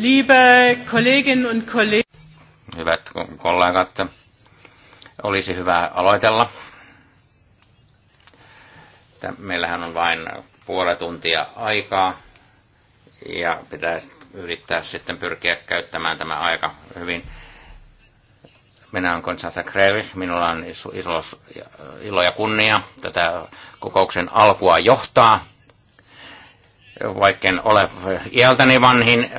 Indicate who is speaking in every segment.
Speaker 1: Liebe Kolleginnen und Kollegen.
Speaker 2: Hyvät kollegat, olisi hyvä aloitella. Meillähän on vain puoli tuntia aikaa ja pitäisi yrittää sitten pyrkiä käyttämään tämä aika hyvin. Minä olen Konstanta Krevi, minulla on ilo, ilo ja kunnia tätä kokouksen alkua johtaa vaikken ole iältäni vanhin,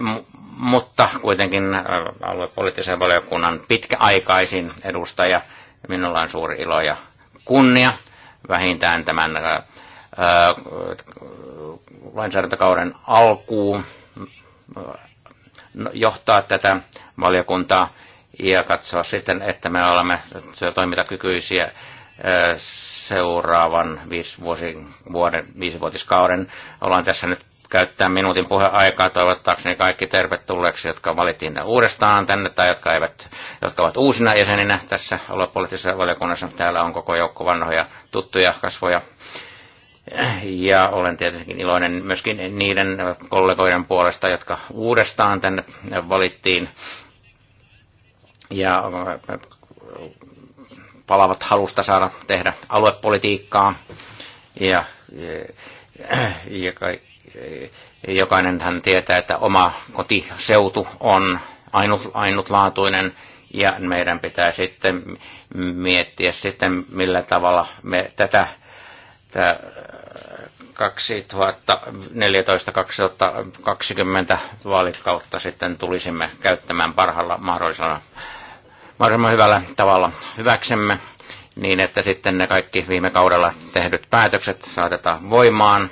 Speaker 2: mutta kuitenkin äh, aluepoliittisen valiokunnan pitkäaikaisin edustaja. Minulla on suuri ilo ja kunnia vähintään tämän äh, äh, lainsäädäntökauden alkuun johtaa tätä valiokuntaa ja katsoa sitten, että me olemme toimintakykyisiä seuraavan viisi vuosi, vuoden, viisivuotiskauden. Ollaan tässä nyt käyttää minuutin puheaikaa toivottaakseni kaikki tervetulleeksi, jotka valittiin uudestaan tänne tai jotka, eivät, jotka ovat uusina jäseninä tässä aluepoliittisessa valiokunnassa. Täällä on koko joukko vanhoja tuttuja kasvoja. Ja olen tietenkin iloinen myöskin niiden kollegoiden puolesta, jotka uudestaan tänne valittiin. Ja palavat halusta saada tehdä aluepolitiikkaa. Ja, ja, ja, ja Jokainenhan tietää, että oma kotiseutu on ainut, ainutlaatuinen ja meidän pitää sitten miettiä sitten, millä tavalla me tätä, tätä 2014-2020 vaalikautta sitten tulisimme käyttämään parhaalla mahdollisella, mahdollisimman hyvällä tavalla hyväksemme, niin että sitten ne kaikki viime kaudella tehdyt päätökset saatetaan voimaan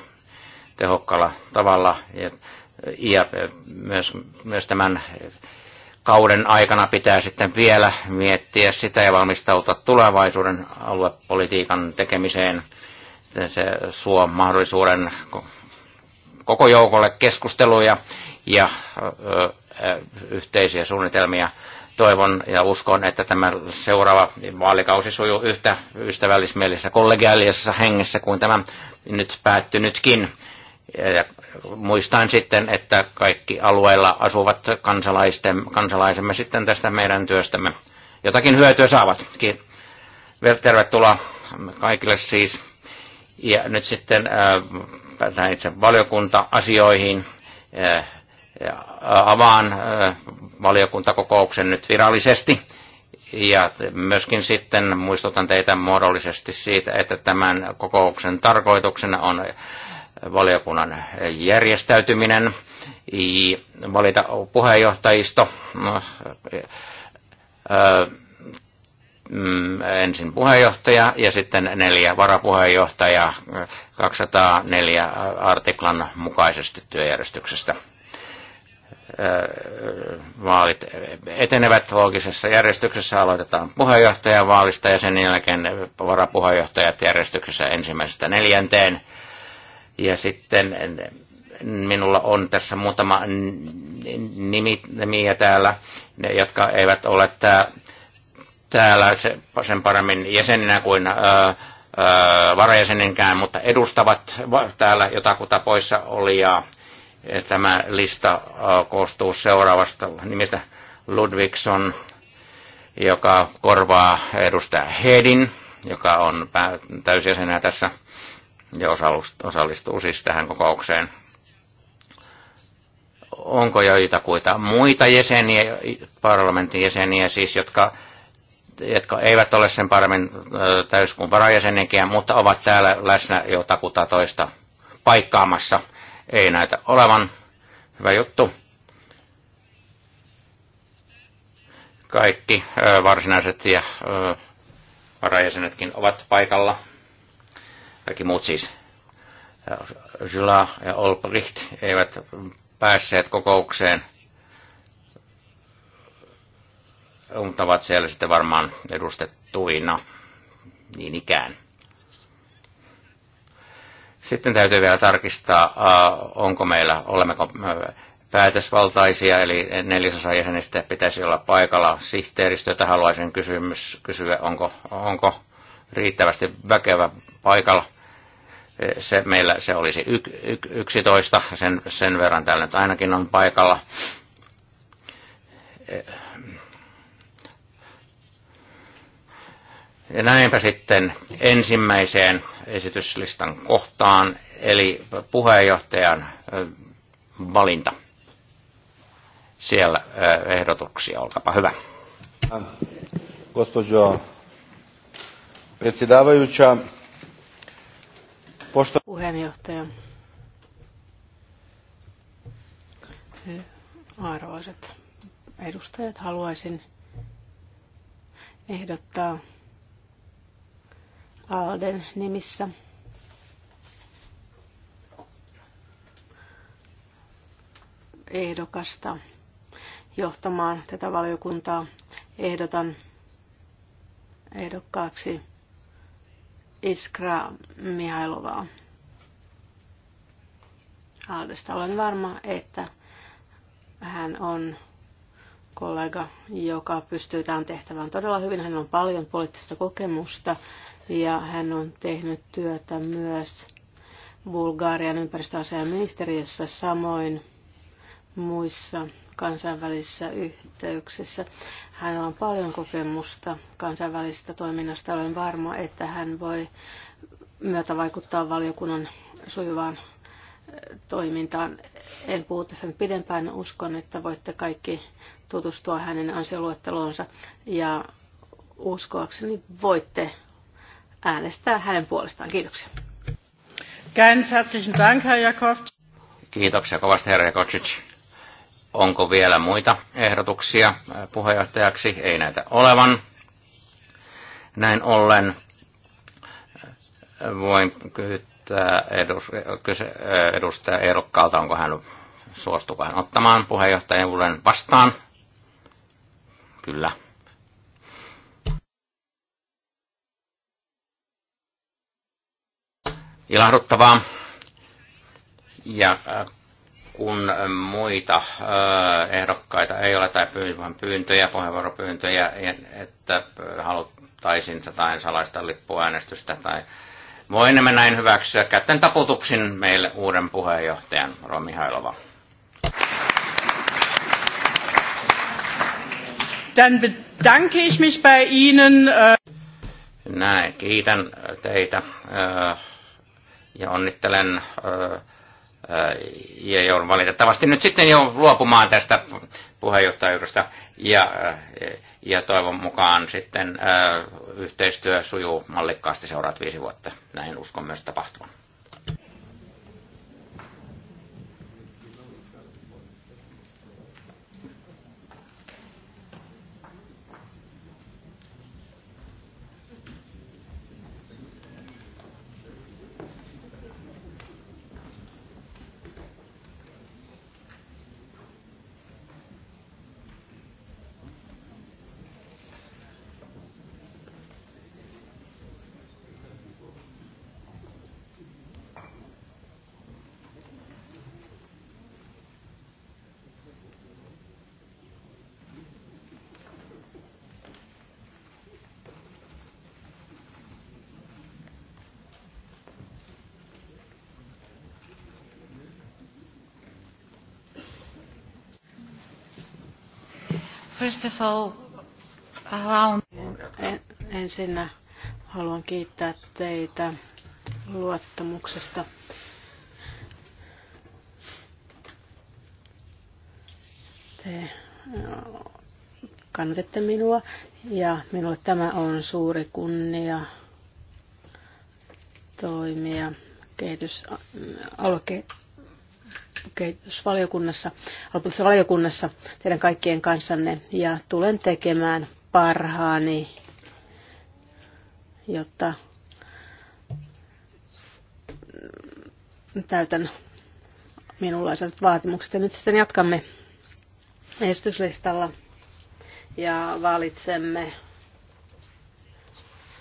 Speaker 2: tehokkaalla tavalla. Ja myös, myös tämän kauden aikana pitää sitten vielä miettiä sitä ja valmistautua tulevaisuuden aluepolitiikan tekemiseen. Se suo mahdollisuuden koko joukolle keskusteluja ja yhteisiä suunnitelmia. Toivon ja uskon, että tämä seuraava vaalikausi sujuu yhtä ystävällismielisessä kollegiaalisessa hengessä kuin tämä nyt päättynytkin. Ja muistan sitten, että kaikki alueilla asuvat kansalaisemme sitten tästä meidän työstämme jotakin hyötyä saavat. Tervetuloa kaikille siis. Ja nyt sitten äh, itse valiokunta-asioihin. Äh, avaan äh, valiokuntakokouksen nyt virallisesti. Ja myöskin sitten muistutan teitä muodollisesti siitä, että tämän kokouksen tarkoituksena on valiokunnan järjestäytyminen, valita puheenjohtajisto, mm, mm, ensin puheenjohtaja ja sitten neljä varapuheenjohtajaa 204 artiklan mukaisesti työjärjestyksestä. Vaalit etenevät loogisessa järjestyksessä, aloitetaan puheenjohtajavaalista ja sen jälkeen varapuheenjohtajat järjestyksessä ensimmäisestä neljänteen ja sitten minulla on tässä muutama nimi, nimiä täällä, ne, jotka eivät ole tää, täällä se, sen paremmin jäseninä kuin ää, varajäsenenkään, mutta edustavat täällä jotakuta poissa oli ja tämä lista ö, koostuu seuraavasta nimestä Ludvigson, joka korvaa edustaja Hedin, joka on täysjäsenä tässä ja osallistuu siis tähän kokoukseen. Onko joitakuita muita jäseniä, parlamentin jäseniä siis, jotka, jotka eivät ole sen paremmin täyskuun varajäseniäkään, mutta ovat täällä läsnä jo takuta toista paikkaamassa? Ei näitä olevan. Hyvä juttu. Kaikki varsinaiset ja varajäsenetkin ovat paikalla kaikki muut siis, Jula ja Olbricht eivät päässeet kokoukseen, mutta ovat siellä sitten varmaan edustettuina niin ikään. Sitten täytyy vielä tarkistaa, äh, onko meillä, olemmeko äh, päätösvaltaisia, eli neljäsosa jäsenistä pitäisi olla paikalla. sihteeristöitä. haluaisin kysymys, kysyä, onko, onko riittävästi väkevä paikalla – se, meillä se olisi y, y, 11, sen, sen verran täällä nyt ainakin on paikalla. Ja näinpä sitten ensimmäiseen esityslistan kohtaan, eli puheenjohtajan valinta. Siellä ehdotuksia, olkapa hyvä. Gospođo predsjedavajuća,
Speaker 3: Posto...
Speaker 1: Puheenjohtaja. Arvoisat edustajat, haluaisin ehdottaa Alden nimissä ehdokasta johtamaan tätä valiokuntaa. Ehdotan ehdokkaaksi Iskra Mihailovaa. Aldesta olen varma, että hän on kollega, joka pystyy tämän tehtävään todella hyvin. Hän on paljon poliittista kokemusta ja hän on tehnyt työtä myös Bulgarian ympäristöasiaministeriössä samoin muissa kansainvälisissä yhteyksissä. Hänellä on paljon kokemusta kansainvälisestä toiminnasta. Olen varma, että hän voi myötä vaikuttaa valiokunnan sujuvaan eh, toimintaan. En puhu tässä pidempään. Uskon, että voitte kaikki tutustua hänen ansioluetteloonsa ja uskoakseni voitte äänestää hänen puolestaan. Kiitoksia.
Speaker 3: Ganz herzlichen Dank, Herr Jakov.
Speaker 2: Kiitoksia kovasti, herra Jakovic. Onko vielä muita ehdotuksia äh, puheenjohtajaksi? Ei näitä olevan. Näin ollen äh, voin kysyä äh, edustaja ehdokkaalta, onko hän suostuko ottamaan puheenjohtajan vastaan. Kyllä. Ilahduttavaa. Ja kun muita ehdokkaita ei ole tai pyyntöjä, puheenvuoropyyntöjä, että haluttaisiin jotain salaista lippuäänestystä tai voimme näin hyväksyä. Kätten taputuksin meille uuden puheenjohtajan Romi Hailova.
Speaker 3: Dann bedanke ich mich bei Ihnen. Äh,
Speaker 2: näin, kiitän teitä ja onnittelen ja joudun valitettavasti nyt sitten jo luopumaan tästä puheenjohtajuudesta ja, ja toivon mukaan sitten yhteistyö sujuu mallikkaasti seuraavat viisi vuotta. Näin uskon myös tapahtuvan.
Speaker 3: First of
Speaker 1: all, allow... en, ensin haluan kiittää teitä luottamuksesta. Te kannatette minua ja minulle tämä on suuri kunnia toimia kehitys, kehitysvaliokunnassa, lopullisessa valiokunnassa teidän kaikkien kanssanne ja tulen tekemään parhaani, jotta täytän minunlaiset vaatimukset. Ja nyt sitten jatkamme esityslistalla ja valitsemme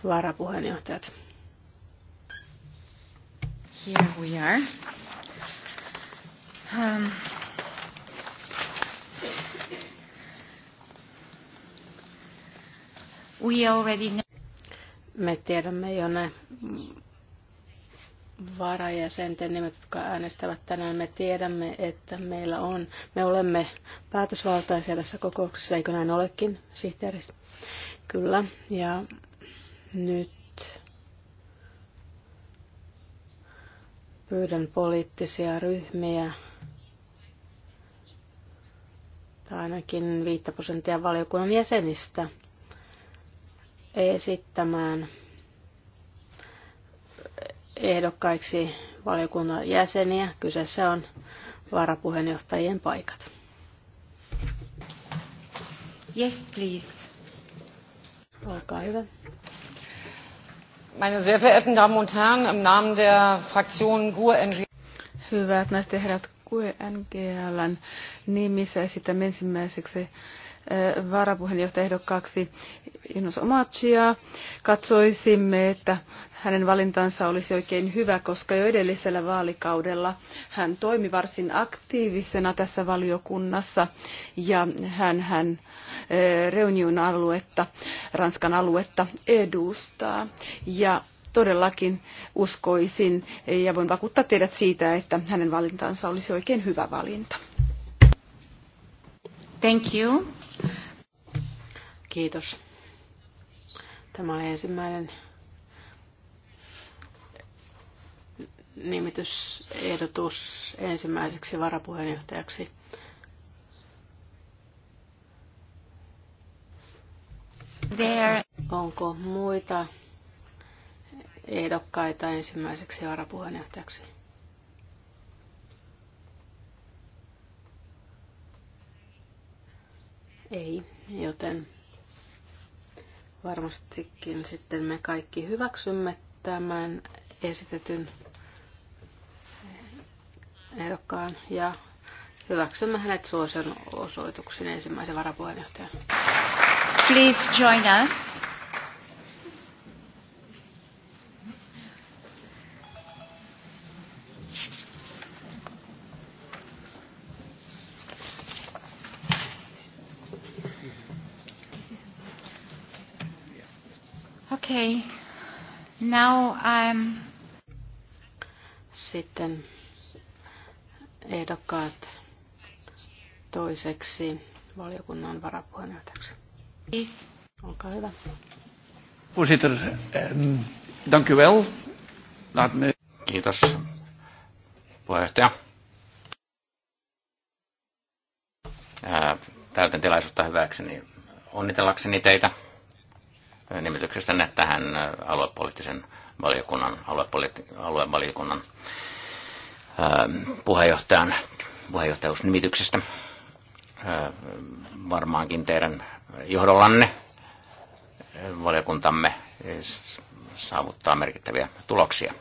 Speaker 1: varapuheenjohtajat.
Speaker 3: Here we are. Ähm.
Speaker 1: We already know. Me tiedämme jo ne varajäsenten nimet, jotka äänestävät tänään. Me tiedämme, että meillä on, me olemme päätösvaltaisia tässä kokouksessa, eikö näin olekin, sihteeri? Kyllä, ja nyt pyydän poliittisia ryhmiä tai ainakin 5 prosenttia valiokunnan jäsenistä esittämään ehdokkaiksi valiokunnan jäseniä. Kyseessä on varapuheenjohtajien paikat. Yes,
Speaker 3: please. Olkaa hyvä. Meine sehr verehrten Damen und Herren, im Namen der Fraktion gur ngl Hyvät naiset ja herrat, NGLn nimissä esitän ensimmäiseksi eh, varapuheenjohtajaehdokkaaksi Inos Omachia. Katsoisimme, että hänen valintansa olisi oikein hyvä, koska jo edellisellä vaalikaudella hän toimi varsin aktiivisena tässä valiokunnassa ja hän, hän eh, Reunion aluetta, Ranskan aluetta edustaa. Ja todellakin uskoisin ja voin vakuuttaa teidät siitä, että hänen valintansa olisi oikein hyvä valinta. Thank you.
Speaker 1: Kiitos. Tämä oli ensimmäinen nimitysehdotus ensimmäiseksi varapuheenjohtajaksi. There. Onko muita ehdokkaita ensimmäiseksi varapuheenjohtajaksi? Ei, joten varmastikin sitten me kaikki hyväksymme tämän esitetyn ehdokkaan ja hyväksymme hänet suosion osoituksen ensimmäisen varapuheenjohtajan.
Speaker 3: Please join us. Okay. Now
Speaker 1: I'm... Sitten ehdokkaat toiseksi valiokunnan varapuheenjohtajaksi. Yes. Olkaa hyvä.
Speaker 2: Voorzitter, ehm, dank u wel. Laat me... Kiitos, puheenjohtaja. täytän tilaisuutta hyväkseni onnitellakseni teitä nimityksestänne tähän aluepoliittisen valiokunnan, aluepoliitt- aluevaliokunnan puheenjohtajan puheenjohtajuusnimityksestä. Varmaankin teidän johdollanne valiokuntamme saavuttaa merkittäviä tuloksia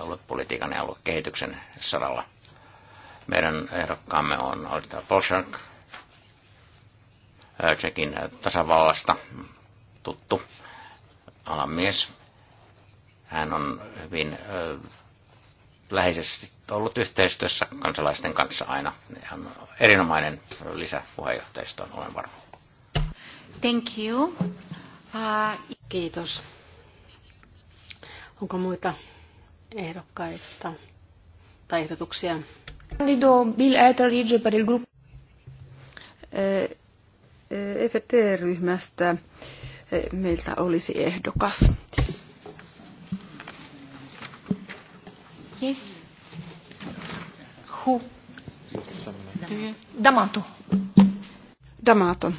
Speaker 2: aluepolitiikan ja aluekehityksen saralla. Meidän ehdokkaamme on Alita Polshark, Tsekin tasavallasta, tuttu alan mies. Hän on hyvin ö, läheisesti ollut yhteistyössä kansalaisten kanssa aina. Hän on erinomainen lisä puheenjohtajistoon, olen varma.
Speaker 3: Thank you. Uh, kiitos.
Speaker 1: Onko muita ehdokkaita tai ehdotuksia?
Speaker 3: Candido Bill Etheridge per il gruppo. EFT-ryhmästä. Eh, eh, meiltä olisi ehdokas. Yes. Who? Damato. Damato.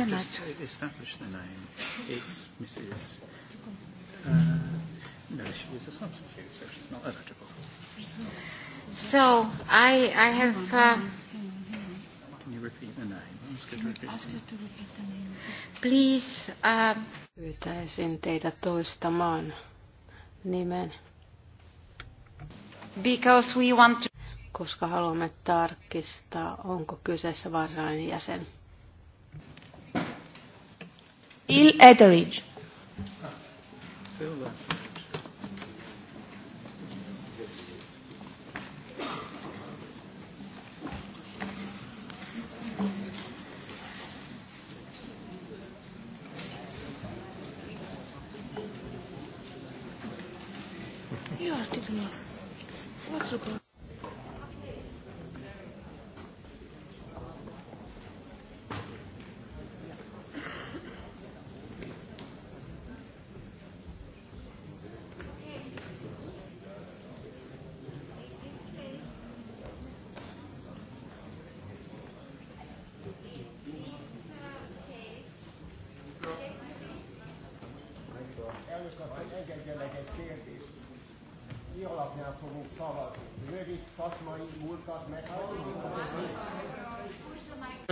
Speaker 3: Uh, no, so
Speaker 1: So I, I have. Uh, Please, uh... Pyytäisin teitä toistamaan nimen. Because we want to... Koska haluamme tarkistaa, onko kyseessä varsinainen jäsen.
Speaker 3: Il Etheridge.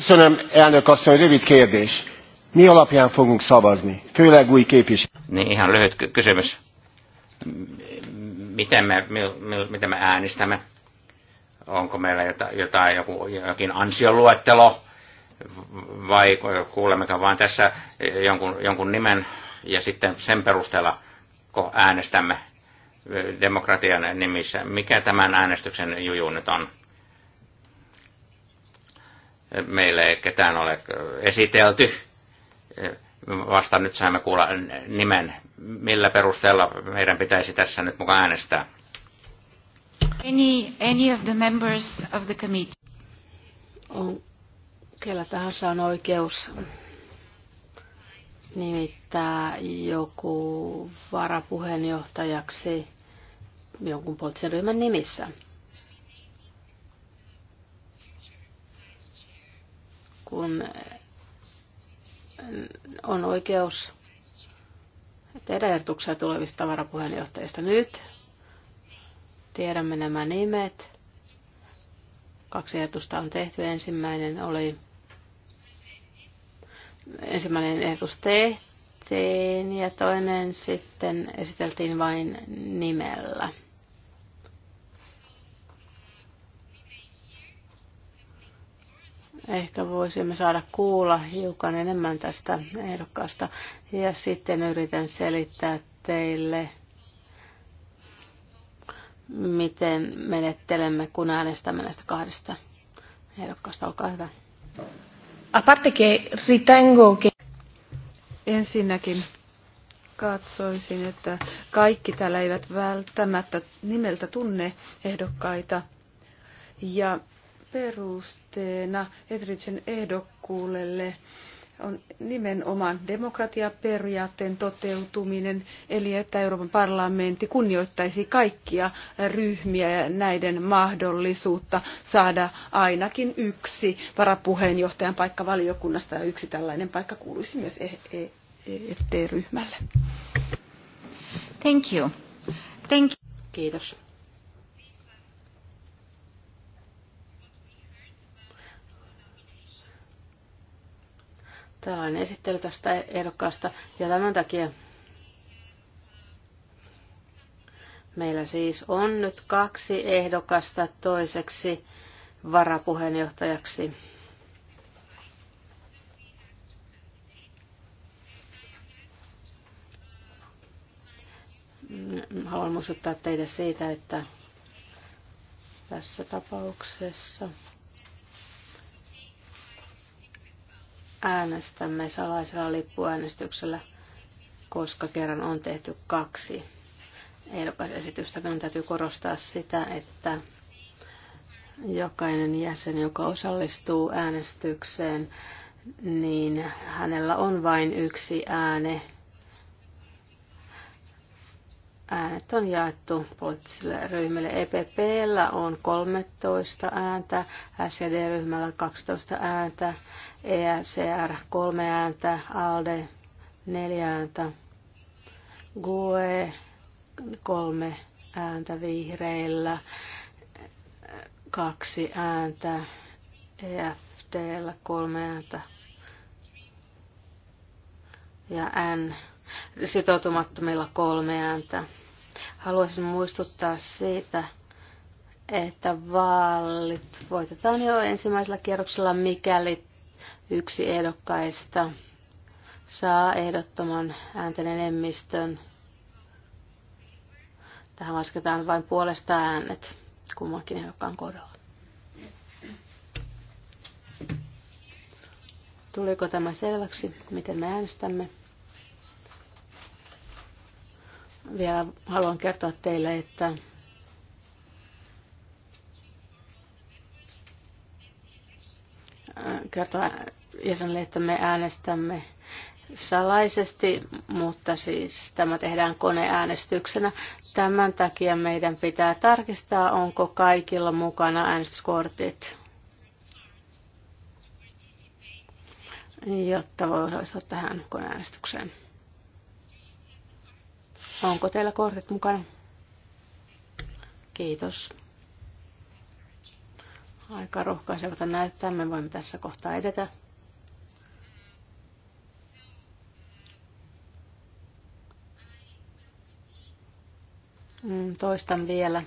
Speaker 3: Köszönöm, elnök asszony, rövid kérdés. Mi alapján fogunk szavazni? Főleg új képviselő.
Speaker 2: Niin, ihan lyhyt kysymys. Miten me, miten me äänestämme? Onko meillä jotain, jotain joku, jokin ansioluettelo? Vai kuulemmeko vain tässä jonkun, jonkun nimen ja sitten sen perusteella kun äänestämme demokratian nimissä? Mikä tämän äänestyksen juju nyt on? meille ei ketään ole esitelty. Vasta nyt saamme kuulla nimen, millä perusteella meidän pitäisi tässä nyt mukaan äänestää.
Speaker 3: Any, any of the members
Speaker 1: of the committee. On, kellä tahansa on oikeus nimittää joku varapuheenjohtajaksi jonkun poliittisen ryhmän nimissä. kun on oikeus tehdä ehdotuksia tulevista tavarapuheenjohtajista nyt. Tiedämme nämä nimet. Kaksi ehdotusta on tehty. Ensimmäinen oli ensimmäinen ehdotus tehtiin ja toinen sitten esiteltiin vain nimellä. Ehkä voisimme saada kuulla hiukan enemmän tästä ehdokkaasta ja sitten yritän selittää teille, miten menettelemme, kun äänestämme näistä
Speaker 3: kahdesta ehdokkaasta. Olkaa hyvä. che ritengo che... Ensinnäkin katsoisin, että kaikki täällä eivät välttämättä nimeltä tunne ehdokkaita. Ja perusteena Edritsen ehdokkuudelle on nimenomaan demokratiaperiaatteen toteutuminen, eli että Euroopan parlamentti kunnioittaisi kaikkia ryhmiä ja näiden mahdollisuutta saada ainakin yksi varapuheenjohtajan paikka valiokunnasta ja yksi tällainen paikka kuuluisi myös et e-, e ryhmälle Thank you. Thank you. Kiitos.
Speaker 1: tällainen esittely tästä ehdokkaasta. Ja tämän takia meillä siis on nyt kaksi ehdokasta toiseksi varapuheenjohtajaksi. Haluan muistuttaa teitä siitä, että tässä tapauksessa äänestämme salaisella lippuäänestyksellä, koska kerran on tehty kaksi ehdokasesitystä. Minun täytyy korostaa sitä, että jokainen jäsen, joka osallistuu äänestykseen, niin hänellä on vain yksi ääne Äänet on jaettu poliittisille ryhmille. EPPllä on 13 ääntä, SED-ryhmällä 12 ääntä, ESR 3 ääntä, ALDE 4 ääntä, GUE 3 ääntä vihreillä, 2 ääntä, EFDllä 3 ääntä ja N sitoutumattomilla kolme ääntä. Haluaisin muistuttaa siitä, että vaalit voitetaan jo ensimmäisellä kierroksella, mikäli yksi ehdokkaista saa ehdottoman äänten enemmistön. Tähän lasketaan vain puolesta äänet kummankin ehdokkaan kohdalla. Tuliko tämä selväksi, miten me äänestämme? vielä haluan kertoa teille, että kertoa jäsenille, että me äänestämme salaisesti, mutta siis tämä tehdään koneäänestyksenä. Tämän takia meidän pitää tarkistaa, onko kaikilla mukana äänestyskortit, jotta voi osallistua tähän koneäänestykseen. Onko teillä kortit mukana? Kiitos. Aika rohkaisevalta näyttää. Me voimme tässä kohtaa edetä. Mm, toistan vielä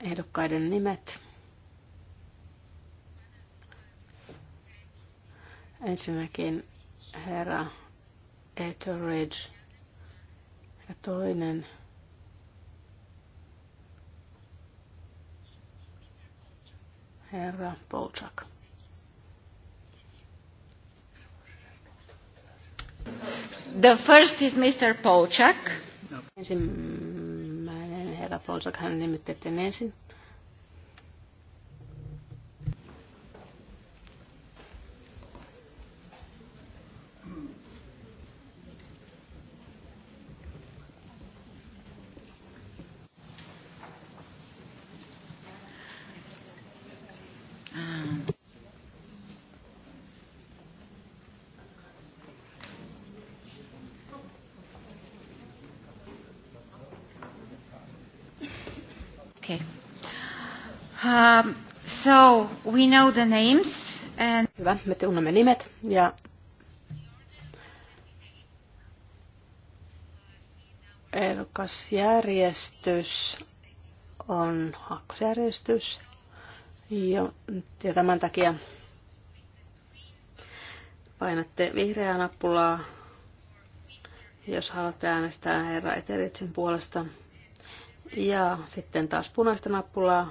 Speaker 1: ehdokkaiden nimet. Ensinnäkin herra Etheridge toinen
Speaker 3: herra Polchak. The first is Mr. Polchak.
Speaker 1: Ensimmäinen herra Polchak, hän nimitettiin ensin. So we know the names and... Hyvä, me tunnemme nimet ja järjestys on hakkosjärjestys. Ja, ja tämän takia painatte vihreää nappulaa, jos haluatte äänestää herra Eteritsin puolesta. Ja sitten taas punaista nappulaa,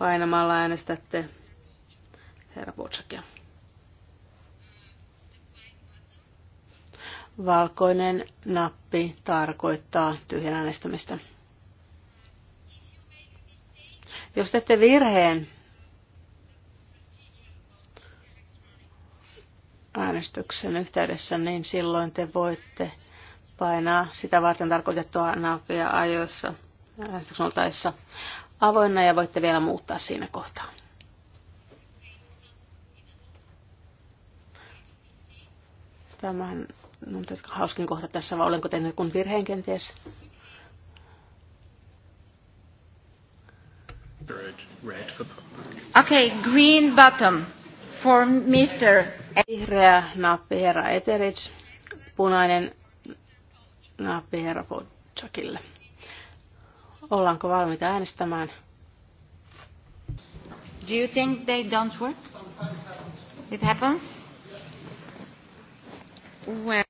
Speaker 1: painamalla äänestätte herra Bocakia. Valkoinen nappi tarkoittaa tyhjän äänestämistä. Jos teette virheen äänestyksen yhteydessä, niin silloin te voitte painaa sitä varten tarkoitettua nappia ajoissa äänestyksen oltaessa avoinna ja voitte vielä muuttaa siinä kohtaa. Tämähän on hauskin kohta tässä, vai olenko tehnyt kun virheen
Speaker 3: kenties? Okay, green button for Mr. E-
Speaker 1: Vihreä nappi herra Eteridge, punainen nappi herra Podjakille. Ollaanko valmiita äänestämään? Do you think they don't work? It happens? Well.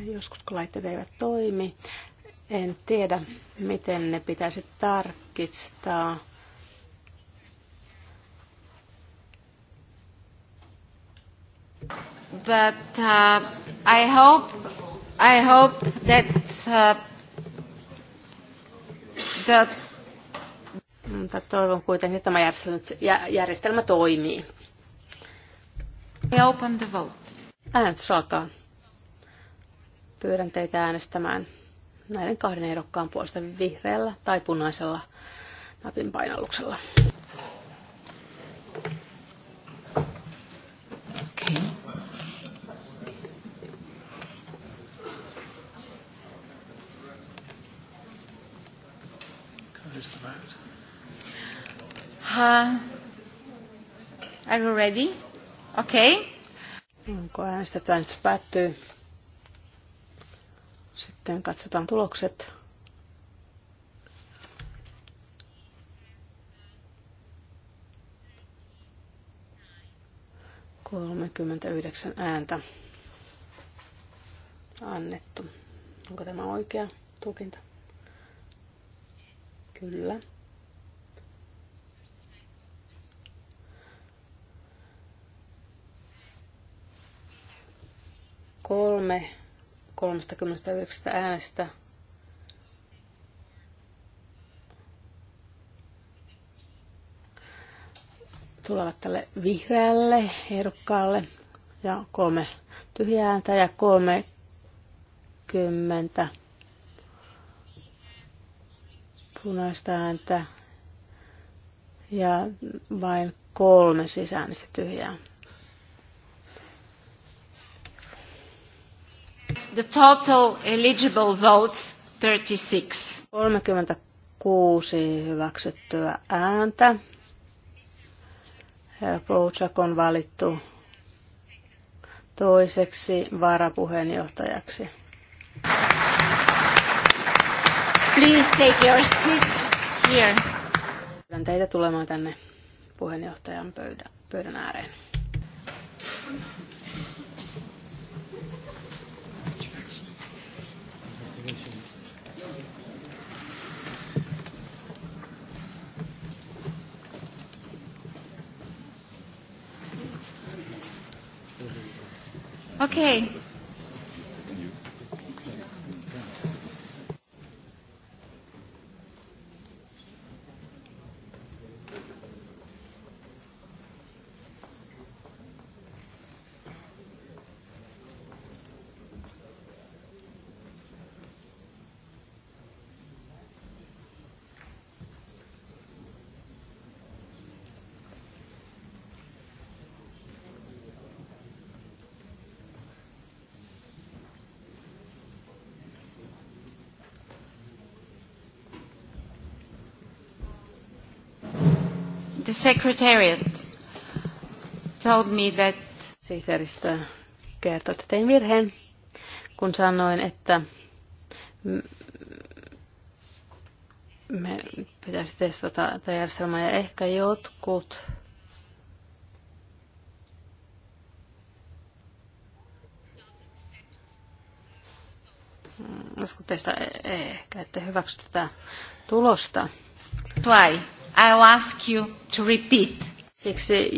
Speaker 1: Joskus kun laitteet eivät toimi, en tiedä, miten ne pitäisi tarkistaa. But uh, I hope I hope that uh, Tätä Mutta toivon kuitenkin, että tämä järjestelmä toimii.
Speaker 3: I open the vote.
Speaker 1: Äänestys alkaa. Pyydän teitä äänestämään näiden kahden ehdokkaan puolesta vihreällä tai punaisella napin painalluksella.
Speaker 3: Uh, are you ready? Okay.
Speaker 1: päättyy? Sitten katsotaan tulokset. yhdeksän ääntä annettu. Onko tämä oikea tulkinta? Kyllä. Puhumme 39 äänestä. Tulevat tälle vihreälle ehdokkaalle ja kolme tyhjää ääntä ja kolme kymmentä punaista ääntä ja vain kolme sisäänistä tyhjää. The total eligible votes
Speaker 3: 36.
Speaker 1: 36 hyväksyttyä ääntä. Herra Pouchak on valittu toiseksi varapuheenjohtajaksi. Please take your seat here. Pyydän teitä tulemaan tänne puheenjohtajan pöydän, pöydän ääreen. Okay. Secretariat told me that... Sihteeristö kertoi, että tein virheen, kun sanoin, että me pitäisi testata tätä järjestelmää ja ehkä jotkut mm, joskus teistä e- ehkä ette hyväksy tätä tulosta. Vai? I ask you to repeat. Siksi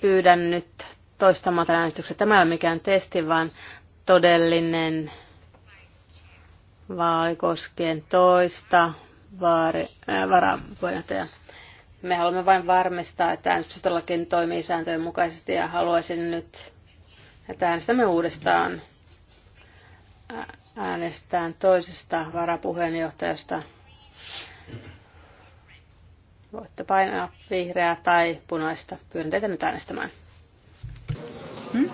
Speaker 1: pyydän nyt toistamaan tämän äänestyksen. Tämä ei ole mikään testi, vaan todellinen vaalikoskien toista äh, varapuheenjohtaja. Me haluamme vain varmistaa, että äänestys todellakin toimii sääntöjen mukaisesti ja haluaisin nyt, että äänestämme uudestaan äänestään toisesta varapuheenjohtajasta Voitte painaa vihreää tai punaista. Pyydän teitä nyt äänestämään.
Speaker 2: Hmm?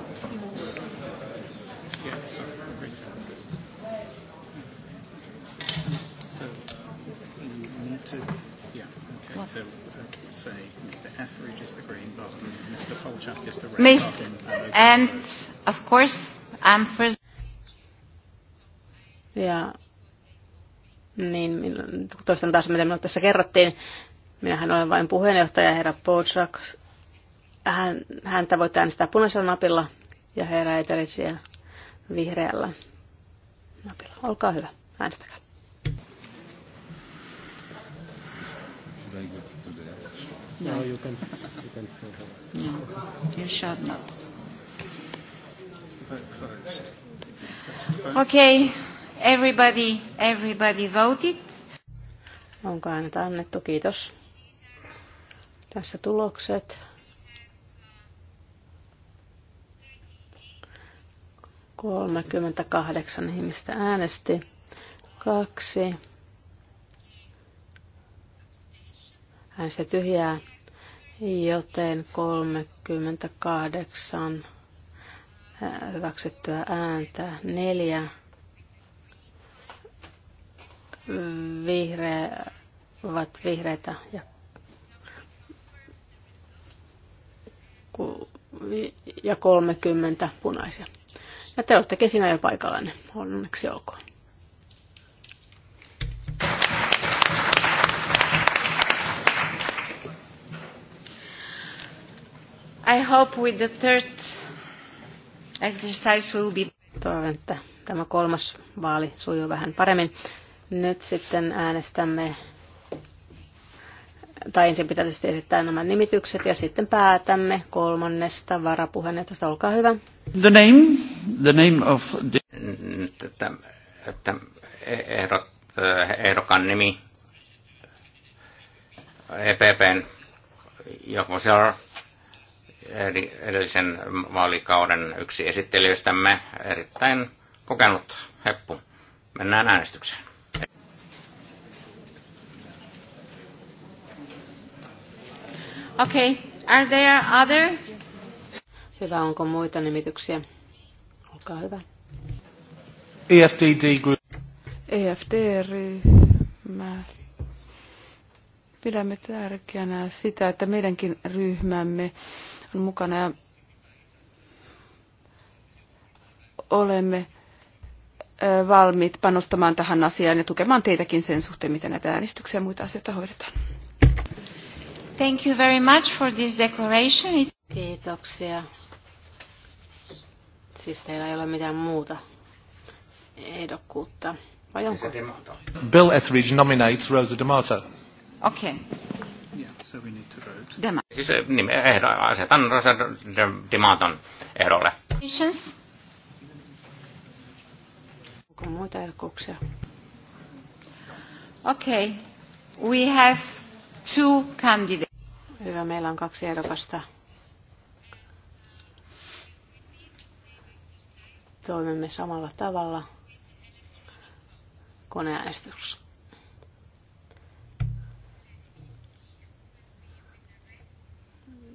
Speaker 2: Mist, and
Speaker 1: of course, I'm first. Ja niin, toistan taas, mitä minulle tässä kerrottiin. Minähän olen vain puheenjohtaja, herra Potrak. Hän, häntä voit äänestää punaisella napilla ja herra Eterisiä vihreällä napilla. Olkaa hyvä, äänestäkää.
Speaker 3: No,
Speaker 2: you can, you can
Speaker 3: no, you shall not. Okay,
Speaker 1: everybody, everybody voted. Onko äänet annettu? Kiitos. Tässä tulokset. Kolmekymmentäkahdeksan ihmistä äänesti. Kaksi. Äänestä tyhjää, joten 38 hyväksyttyä ääntä. Neljä vihreä, ovat vihreitä ja ja 30 punaisia. Ja te olettekin sinä jo paikallanne. Onneksi olkoon. I hope with the third exercise will be... Toivon, että tämä kolmas vaali sujuu vähän paremmin. Nyt sitten äänestämme tai ensin pitää tietysti esittää nämä nimitykset ja sitten päätämme kolmannesta varapuheenjohtajasta. Olkaa hyvä.
Speaker 2: The name, the name of the... Että, että ehdot, ehdokan nimi EPPn Joko edellisen vaalikauden yksi esittelijöistämme erittäin kokenut heppu. Mennään äänestykseen.
Speaker 1: Okay. Are there other? Hyvä, onko muita nimityksiä?
Speaker 3: Olkaa hyvä. EFTD Group. EFT-ryhmä. Pidämme tärkeänä sitä, että meidänkin ryhmämme on mukana ja olemme valmiit panostamaan tähän asiaan ja tukemaan teitäkin sen suhteen, miten näitä äänestyksiä ja muita asioita hoidetaan. Thank you
Speaker 1: very much for this declaration. Kiitoksia. Siis teillä ei ole mitään muuta ehdokkuutta. Vai onko?
Speaker 2: Bill Etheridge nominates Rosa D'Amato. Okei. Okay. Yeah, so we need to vote. Dema. Siis eh, niin, eh, ehdo, asetan Rosa D'Amaton ehdolle.
Speaker 3: Missions?
Speaker 1: Onko muita ehdokkuuksia? Okei. Okay. We have two candidates. Hyvä, meillä on kaksi ehdokasta. Toimimme samalla tavalla. Koneäänestys.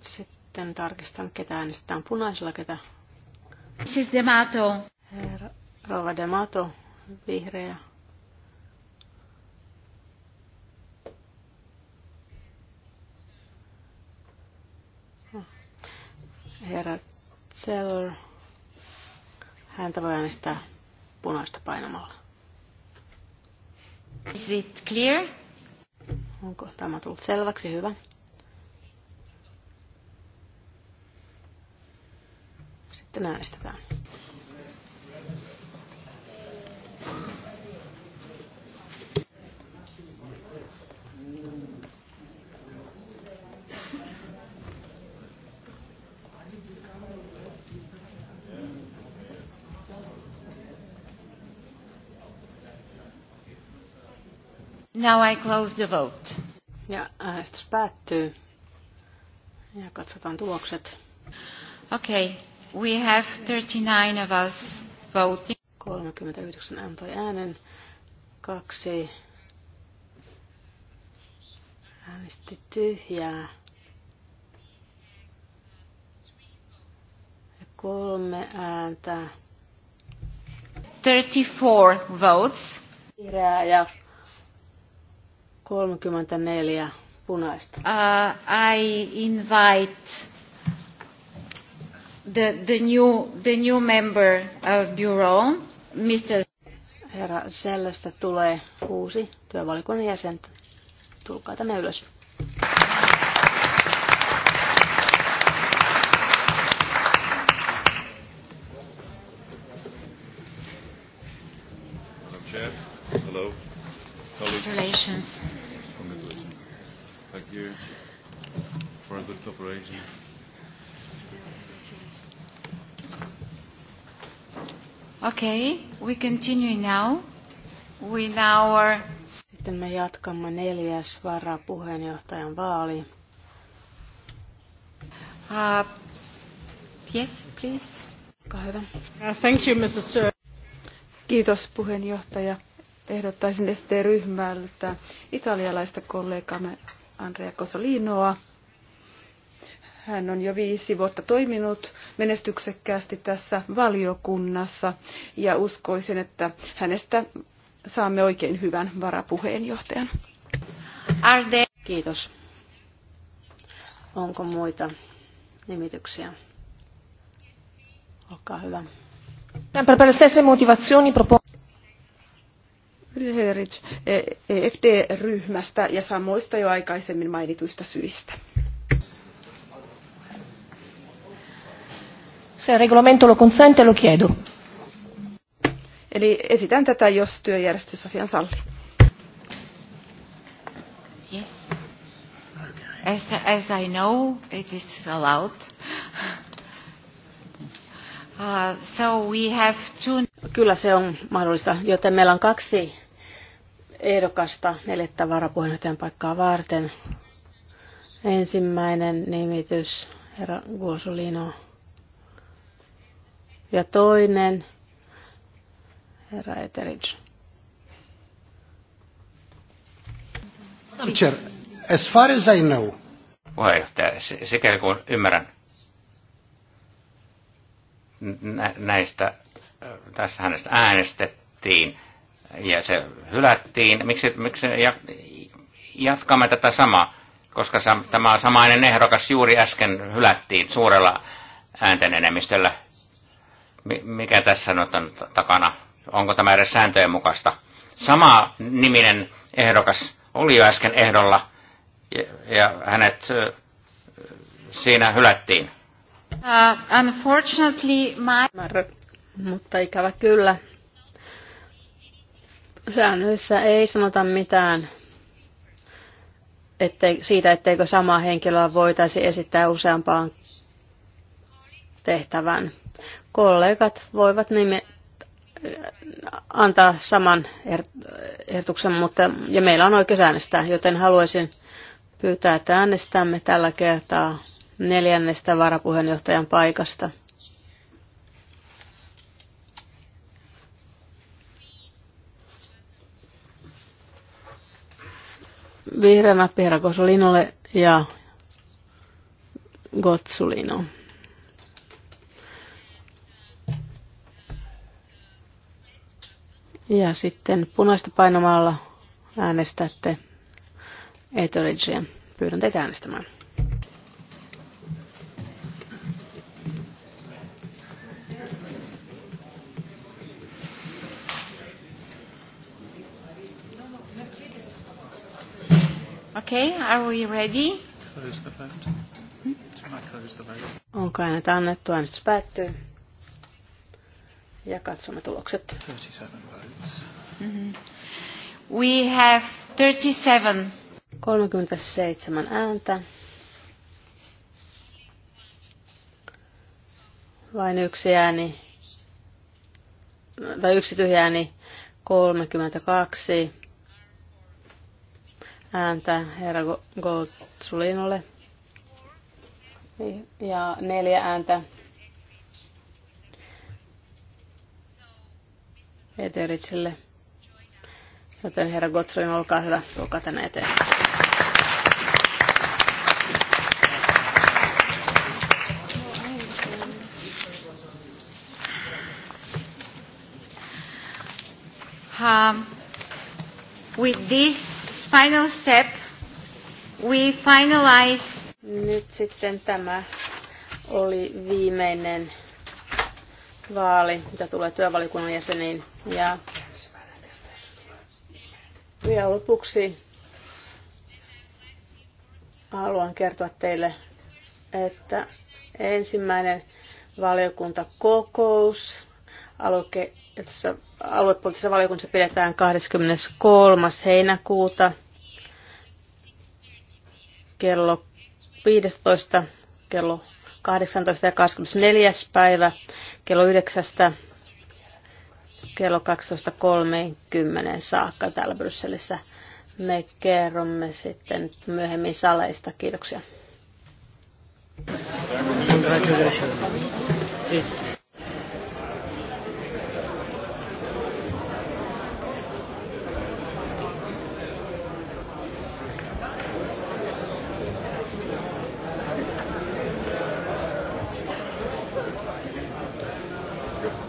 Speaker 1: Sitten tarkistan, ketä äänestetään punaisella, ketä. Siis Demato. Herra, Rova Demato, vihreä. herra Zeller. Häntä voi äänestää punaista painamalla. Is it clear? Onko tämä tullut selväksi? Hyvä. Sitten äänestetään. Now I close the vote. Ja äänestys päättyy. Ja katsotaan tulokset. Okay, we
Speaker 3: have 39
Speaker 1: of us voting. 39 antoi äänen, kaksi äänesti tyhjää. Ja kolme ääntä. 34 votes. Vihreää ja 34 punaista. Uh, I
Speaker 3: invite the, the, new, the new member of bureau, Mr. Herra Sellestä tulee
Speaker 1: uusi työvalikon jäsen. Tulkaa tänne ylös.
Speaker 2: Hello. Congratulations.
Speaker 3: cooperation. Okay, we continue now. We now
Speaker 1: are... Sitten me jatkamme neljäs varapuheenjohtajan vaali.
Speaker 3: Uh, yes, please. Olkaa hyvä. Uh, thank you, Mrs. Sir. Kiitos puheenjohtaja. Ehdottaisin ST-ryhmältä italialaista kollegamme Andrea Cosolinoa hän on jo viisi vuotta toiminut menestyksekkäästi tässä valiokunnassa ja uskoisin, että hänestä saamme oikein hyvän varapuheenjohtajan. Kiitos.
Speaker 1: Onko muita nimityksiä? Olkaa hyvä. Sempre per stesse motivazioni
Speaker 3: EFD-ryhmästä e e ja samoista jo aikaisemmin mainituista syistä.
Speaker 1: Se regolamento lo consente, lo
Speaker 3: chiedo. Eli esitän tätä, jos työjärjestys asian sallii. Yes. As, as I know, it is allowed. Uh,
Speaker 1: so we have two... Kyllä se on mahdollista, joten meillä on kaksi ehdokasta neljättä varapuheenjohtajan paikkaa varten. Ensimmäinen nimitys, herra Guosolino. Ja toinen, herra Eteridge.
Speaker 2: Chair, as far as I know. Puheenjohtaja, sikäli kun ymmärrän näistä, tässä hänestä äänestettiin ja se hylättiin. Miksi, miksi jatkamme tätä samaa? Koska tämä samainen ehdokas juuri äsken hylättiin suurella äänten enemmistöllä mikä tässä nyt on takana? Onko tämä edes sääntöjen mukaista? Sama niminen ehdokas oli jo äsken ehdolla ja, ja hänet siinä hylättiin.
Speaker 3: Uh, unfortunately, my...
Speaker 1: Mutta ikävä kyllä. Säännöissä ei sanota mitään ettei, siitä, etteikö samaa henkilöä voitaisi esittää useampaan tehtävään kollegat voivat nime, äh, antaa saman er, ehdotuksen, mutta, ja meillä on oikeus äänestää, joten haluaisin pyytää, että äänestämme tällä kertaa neljännestä varapuheenjohtajan paikasta. Vihreä nappi herra Kosolinolle ja Gotsulino. Ja sitten punaista painamalla äänestätte Etheridgeä. Pyydän teitä äänestämään.
Speaker 3: Okay, are we ready?
Speaker 1: Close the vote. Onko äänet annettu? Äänestys päättyy ja katsomme tulokset. 37 Mm-hmm. We have 37. 37 ääntä. Vain yksi ääni, tai yksi tyhjä ääni, 32 ääntä herra Goldsulinolle ja neljä ääntä Eteritsille. Joten herra Gottfried, olkaa hyvä, tulkaa tänne eteen.
Speaker 3: Um, with this final step, we finalize. Nyt
Speaker 1: sitten tämä oli viimeinen vaali, mitä tulee työvaliokunnan jäseniin. Ja vielä lopuksi haluan kertoa teille, että ensimmäinen valiokuntakokous aluepoliittisessa valiokunnassa pidetään 23. heinäkuuta kello 15 kello 18. ja 24. päivä kello 9 kello 12.30 saakka täällä Brysselissä. Me kerromme sitten myöhemmin saleista. Kiitoksia.
Speaker 3: Congratulations.